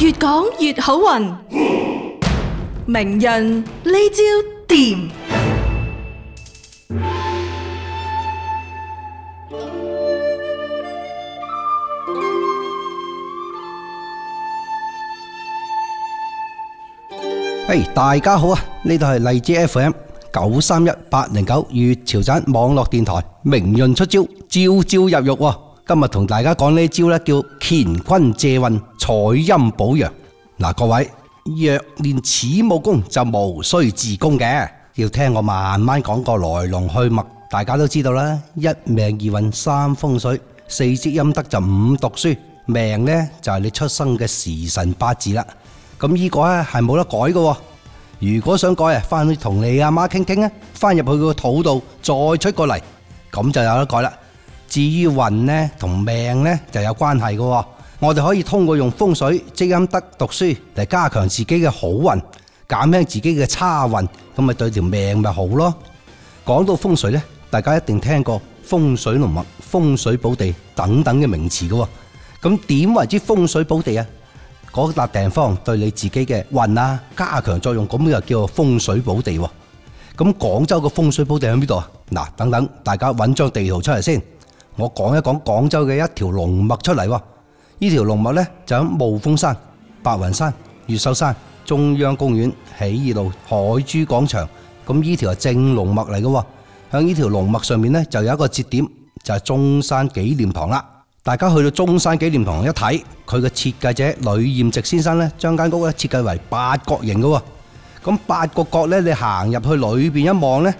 越講越好運，明潤呢招掂。哎，hey，大家好啊！呢度係荔枝 FM 九三一八零九粵潮汕網絡電台，明潤出招，招招入肉喎。今日同大家講呢招咧，叫乾坤借運，採陰補陽。嗱，各位若練此武功就無須自宮嘅，要聽我慢慢講個來龍去脈。大家都知道啦，一命二運三風水，四積陰德就五讀書。命咧就係你出生嘅時辰八字啦。咁呢個咧係冇得改嘅。如果想改啊，翻去同你阿媽傾傾啊，翻入去個肚度再出過嚟，咁就有得改啦。至於運呢同命呢就有關係嘅、哦，我哋可以通過用風水、積陰德、讀書嚟加強自己嘅好運，減輕自己嘅差運，咁咪對條命咪好咯。講到風水呢，大家一定聽過風水龍脈、風水寶地等等嘅名詞嘅、哦，咁點為之風水寶地啊？嗰、那、笪、個、地方對你自己嘅運啊加強作用，咁又叫做風水寶地、哦。咁廣州嘅風水寶地喺邊度啊？嗱，等等，大家揾張地圖出嚟先。我講一講廣州嘅一條龍脈出嚟，呢條龍脈咧就喺帽峰山、白雲山、越秀山、中央公園、起義路、海珠廣場，咁呢條係正龍脈嚟嘅。響呢條龍脈上面咧就有一個節點，就係中山紀念堂啦。大家去到中山紀念堂一睇，佢嘅設計者呂彥直先生咧將間屋咧設計為八角形嘅，咁八個角咧你行入去裏邊一望咧，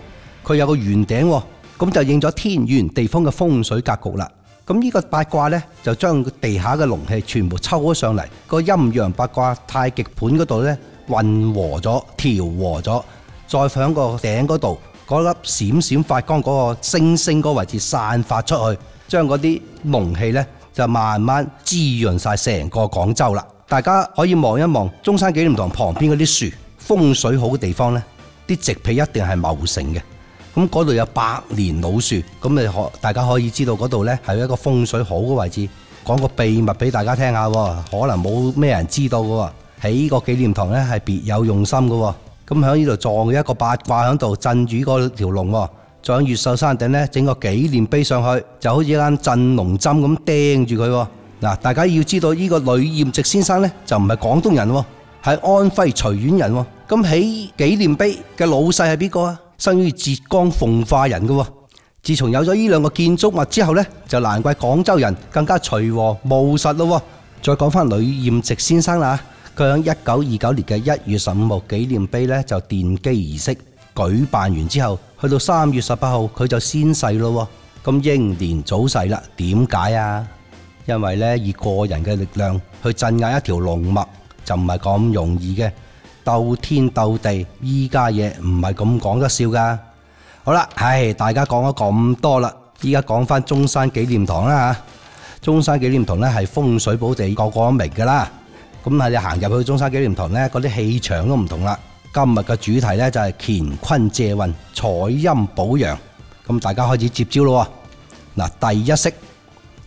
佢有個圓頂。咁就應咗天圓地方嘅風水格局啦。咁呢個八卦呢，就將地下嘅龍氣全部抽咗上嚟，個陰陽八卦太極盤嗰度呢，混和咗、調和咗，再響個頂嗰度，嗰粒閃閃發光嗰個星星嗰位置散發出去，將嗰啲龍氣呢，就慢慢滋潤晒成個廣州啦。大家可以望一望中山紀念堂旁邊嗰啲樹，風水好嘅地方呢，啲植被一定係茂盛嘅。咁嗰度有百年老樹，咁可大家可以知道嗰度呢係一個風水好嘅位置。講個秘密俾大家聽下，可能冇咩人知道嘅。呢個紀念堂呢，係別有用心嘅。咁喺呢度撞一個八卦喺度鎮住嗰條龍，再喺越秀山頂呢，整個紀念碑上去，就好似一間鎮龍針咁釘住佢。嗱，大家要知道呢、呢個呂彥直先生呢就唔係廣東人，係安徽隨縣人。咁起紀念碑嘅老細係邊個啊？生於浙江奉化人嘅，自從有咗呢兩個建築物之後呢，就難怪廣州人更加隨和務實咯。再講翻呂彥直先生啦，佢喺一九二九年嘅一月十五號紀念碑呢就奠基儀式舉辦完之後，去到三月十八號佢就先逝咯。咁英年早逝啦，點解啊？因為呢，以個人嘅力量去鎮壓一條龍脈就唔係咁容易嘅。鬥天鬥地，依家嘢唔係咁講得笑噶。好啦，唉，大家講咗咁多啦，依家講翻中山紀念堂啦吓。中山紀念堂咧係風水寶地，個個都明噶啦。咁係你行入去中山紀念堂咧，嗰啲氣場都唔同啦。今日嘅主題咧就係乾坤借運，採陰補陽。咁大家開始接招咯。嗱，第一式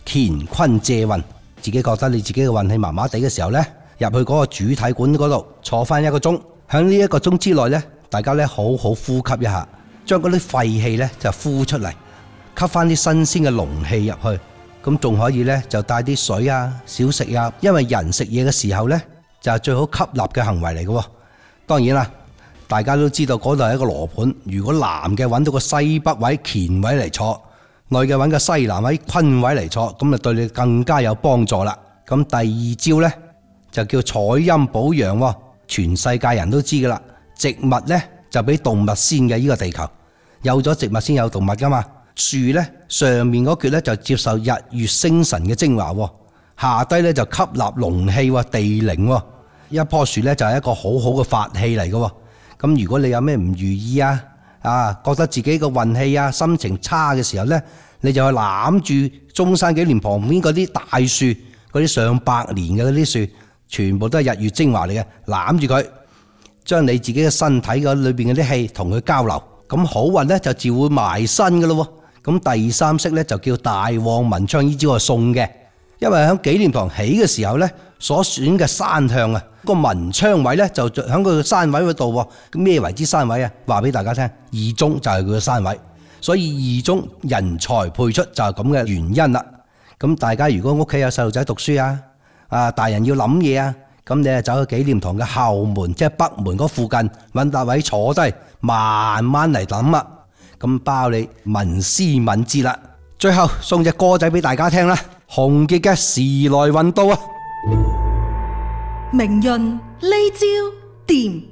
乾坤借運，自己覺得你自己嘅運氣麻麻地嘅時候咧。入去嗰個主體館嗰度坐翻一個鐘，喺呢一個鐘之內呢，大家呢好好呼吸一下，將嗰啲廢氣呢就呼出嚟，吸翻啲新鮮嘅龍氣入去，咁仲可以呢，就帶啲水啊，小食啊，因為人食嘢嘅時候呢，就係最好吸納嘅行為嚟嘅。當然啦，大家都知道嗰度係一個羅盤，如果男嘅揾到個西北位乾位嚟坐，女嘅揾個西南位坤位嚟坐，咁就對你更加有幫助啦。咁第二招呢。就叫採陰補陽，全世界人都知噶啦。植物呢，就比動物先嘅，呢個地球有咗植物先有動物噶嘛。樹呢，上面嗰橛呢，就接受日月星辰嘅精華喎，下低呢，就吸納龍氣地靈喎。一棵樹呢，就係一個好好嘅法器嚟喎。咁如果你有咩唔如意啊啊，覺得自己個運氣啊心情差嘅時候呢，你就去攬住中山紀念旁邊嗰啲大樹，嗰啲上百年嘅嗰啲樹。全部都係日月精華嚟嘅，攬住佢，將你自己嘅身體嘅裏邊嘅啲氣同佢交流，咁好運咧就自會埋身嘅咯。咁第三式咧就叫大旺文昌，呢招係送嘅，因為喺紀念堂起嘅時候咧，所選嘅山向啊，個文昌位咧就喺佢個山位嗰度。咩為之山位啊？話俾大家聽，二中就係佢嘅山位，所以二中人才輩出就係咁嘅原因啦。咁大家如果屋企有細路仔讀書啊？啊！大人要諗嘢啊，咁你啊走去紀念堂嘅後門，即係北門嗰附近搵笪位坐低，慢慢嚟諗啊！咁包你文思敏捷啦。最後送隻歌仔俾大家聽啦，《洪杰嘅時來運到》啊，明潤呢招掂。